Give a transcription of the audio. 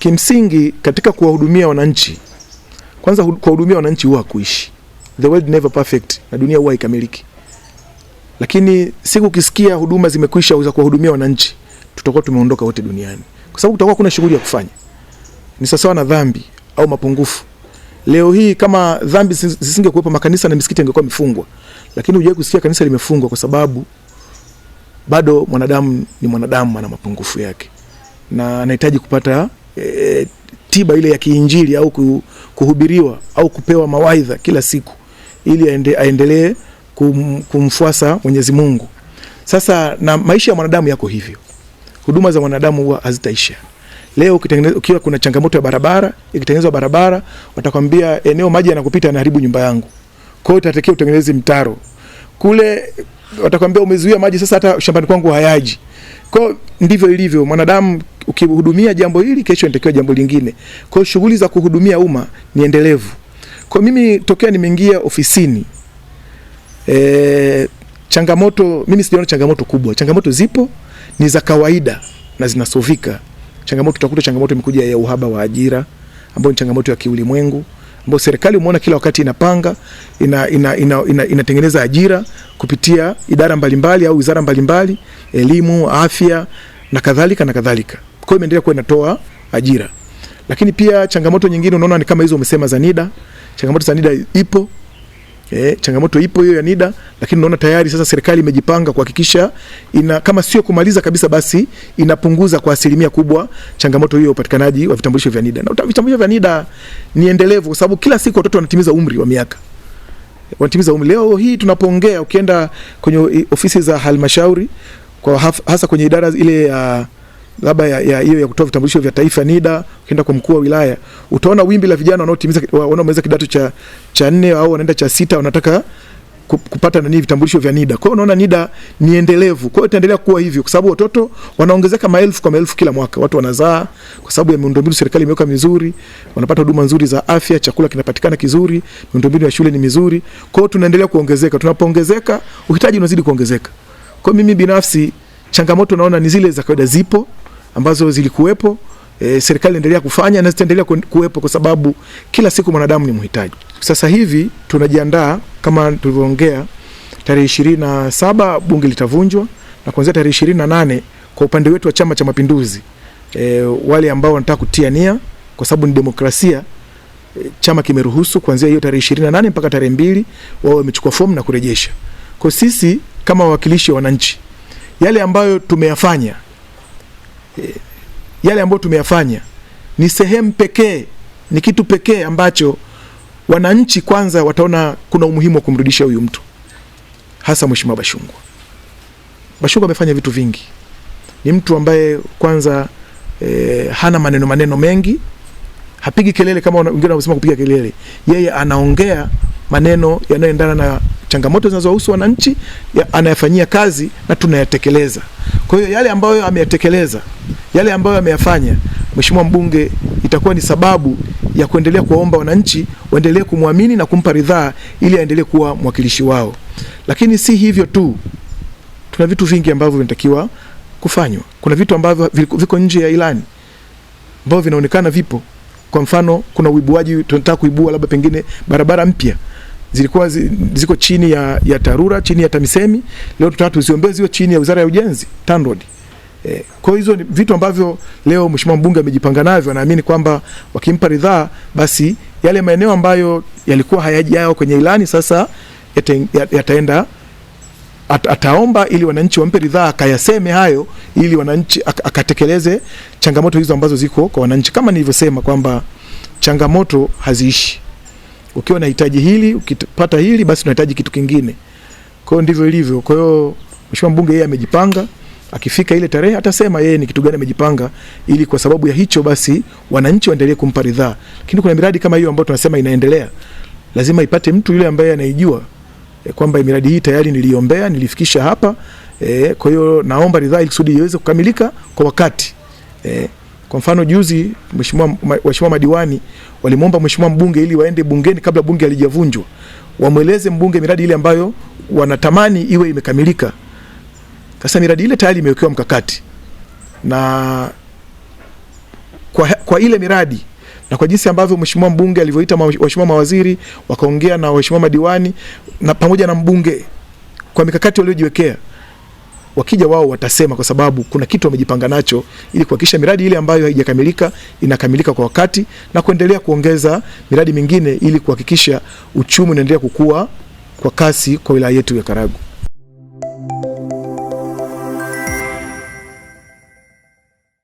Kimsingi katika kuwahudumia wananchi, kwanza kuwahudumia wananchi huwa kuishi. The world never perfect, na dunia huwa haikamiliki. Lakini siku ukisikia huduma zimekwisha za kuwahudumia wananchi, tutakuwa tumeondoka wote duniani, kwa sababu tutakuwa kuna shughuli ya kufanya. Ni sawa na dhambi au mapungufu. Leo hii kama dhambi zisinge kuwepo makanisa na misikiti ingekuwa imefungwa, lakini hujawahi kusikia kanisa limefungwa kwa sababu bado mwanadamu ni mwanadamu, ana mapungufu yake na anahitaji kupata e, tiba ile ya kiinjili au kuhubiriwa au kupewa mawaidha kila siku ili aende, aendelee kum, kumfuasa Mwenyezi Mungu. Sasa na maisha ya mwanadamu yako hivyo, huduma za mwanadamu huwa hazitaisha. Leo ukiwa kuna changamoto ya barabara, ikitengenezwa barabara watakwambia eneo maji yanakupita yanaharibu nyumba yangu, kwa hiyo itatakiwa utengeneze mtaro kule watakwambia umezuia maji sasa hata shambani kwangu hayaji. Kwa ndivyo ilivyo mwanadamu, ukihudumia jambo hili, kesho inatakiwa jambo lingine. Kwa shughuli za kuhudumia umma ni endelevu. Kwa mimi tokea nimeingia ofisini e, changamoto mimi sijaona changamoto kubwa. Changamoto zipo ni za kawaida na zinasovika. Changamoto tutakuta, changamoto imekuja ya uhaba wa ajira ambayo ni changamoto ya kiulimwengu ambayo serikali umeona kila wakati inapanga inatengeneza ina, ina, ina, ina ajira kupitia idara mbalimbali au wizara mbalimbali, elimu, afya na kadhalika na kadhalika. Kwa hiyo imeendelea kuwa inatoa ajira, lakini pia changamoto nyingine unaona ni kama hizo umesema za NIDA, changamoto za NIDA ipo Eh, changamoto ipo hiyo ya NIDA, lakini naona tayari sasa serikali imejipanga kuhakikisha ina kama sio kumaliza kabisa, basi inapunguza kwa asilimia kubwa changamoto hiyo ya upatikanaji wa vitambulisho vya NIDA. Na vitambulisho vya NIDA ni endelevu, kwa sababu kila siku watoto wanatimiza umri wa miaka wanatimiza umri. Leo hii tunapoongea, ukienda kwenye ofisi za halmashauri kwa hasa kwenye idara ile ya uh, labda ya, ya, ya, ya kutoa vitambulisho vya taifa NIDA, ukienda kwa mkuu wa wilaya utaona wimbi la vijana wanaotimiza wanaomaliza kidato cha cha nne au wanaenda cha sita wanataka kupata nani vitambulisho vya NIDA. Kwa hiyo unaona NIDA ni endelevu. Kwa hiyo itaendelea kuwa hivyo kwa sababu watoto wanaongezeka maelfu kwa maelfu kila mwaka. Watu wanazaa kwa sababu ya miundombinu serikali imeweka mizuri, wanapata huduma nzuri za afya, chakula kinapatikana kizuri, miundombinu ya shule ni mizuri. Kwa hiyo tunaendelea kuongezeka. Tunapoongezeka, uhitaji unazidi kuongezeka. Kwa mimi binafsi changamoto naona ni zile za kawaida zipo ambazo zilikuwepo e, serikali endelea kufanya na zitaendelea kuwepo kwa sababu kila siku mwanadamu ni mhitaji. Sasa hivi tunajiandaa kama tulivyoongea, tarehe ishirini na saba bunge litavunjwa na kuanzia tarehe ishirini na nane kwa upande wetu wa Chama cha Mapinduzi e, wale ambao wanataka kutia nia kwa sababu ni demokrasia e, chama kimeruhusu kuanzia hiyo tarehe ishirini na nane mpaka tarehe mbili wao wamechukua fomu na kurejesha. Kwa sisi kama wawakilishi wa wananchi, yale ambayo tumeyafanya yale ambayo tumeyafanya ni sehemu pekee, ni kitu pekee ambacho wananchi kwanza wataona kuna umuhimu wa kumrudisha huyu mtu, hasa mheshimiwa Bashungwa. Bashungwa amefanya vitu vingi, ni mtu ambaye kwanza e, hana maneno maneno mengi, hapigi kelele kama wengine wanasema kupiga kelele. Yeye anaongea maneno yanayoendana na changamoto zinazohusu wananchi, ya, anayafanyia kazi na tunayatekeleza. Kwa hiyo yale ambayo ameyatekeleza, yale ambayo ameyafanya Mheshimiwa mbunge, itakuwa ni sababu ya kuendelea kuwaomba wananchi waendelee kumwamini na kumpa ridhaa ili aendelee kuwa mwakilishi wao. Lakini si hivyo tu, tuna vitu vingi ambavyo vinatakiwa kufanywa. Kuna vitu ambavyo viko nje ya ilani ambavyo vinaonekana vipo. Kwa mfano, kuna uibuaji, tunataka kuibua labda pengine barabara mpya zilikuwa zi, ziko chini ya, ya TARURA chini ya TAMISEMI, leo tunataka tuziombee ziwe chini ya Wizara ya Ujenzi TANROADS. E, eh, kwa hizo ni vitu ambavyo leo mheshimiwa mbunge amejipanga navyo, naamini kwamba wakimpa ridhaa, basi yale maeneo ambayo yalikuwa hayajao kwenye ilani sasa yataenda yata at, ataomba ili wananchi wampe ridhaa akayaseme hayo, ili wananchi ak, akatekeleze changamoto hizo ambazo ziko kwa wananchi. Kama nilivyosema kwamba changamoto haziishi ukiwa na hitaji hili, ukipata hili basi unahitaji kitu kingine. Kwa hiyo ndivyo ilivyo. Kwa hiyo mheshimiwa mbunge yeye amejipanga, akifika ile tarehe atasema yeye ni kitu gani amejipanga, ili kwa sababu ya hicho basi wananchi waendelee kumpa ridhaa. Lakini kuna miradi kama hiyo ambayo tunasema inaendelea, lazima ipate mtu yule ambaye anaijua e, kwamba miradi hii tayari niliombea, nilifikisha hapa e, kwa hiyo naomba ridhaa ili kusudi iweze kukamilika kwa wakati e. Kwa mfano juzi, mheshimiwa waheshimiwa madiwani walimwomba mheshimiwa mbunge ili waende bungeni kabla bunge halijavunjwa wamweleze mbunge miradi ile ambayo wanatamani iwe imekamilika. Sasa miradi ile tayari imewekewa mkakati na kwa, kwa ile miradi na kwa jinsi ambavyo mheshimiwa mbunge alivyoita waheshimiwa mawaziri wakaongea na waheshimiwa madiwani na pamoja na mbunge kwa mikakati waliojiwekea wakija wao watasema, kwa sababu kuna kitu wamejipanga nacho ili kuhakikisha miradi ile ambayo haijakamilika inakamilika kwa wakati na kuendelea kuongeza miradi mingine ili kuhakikisha uchumi unaendelea kukua kwa kasi kwa wilaya yetu ya Karagu.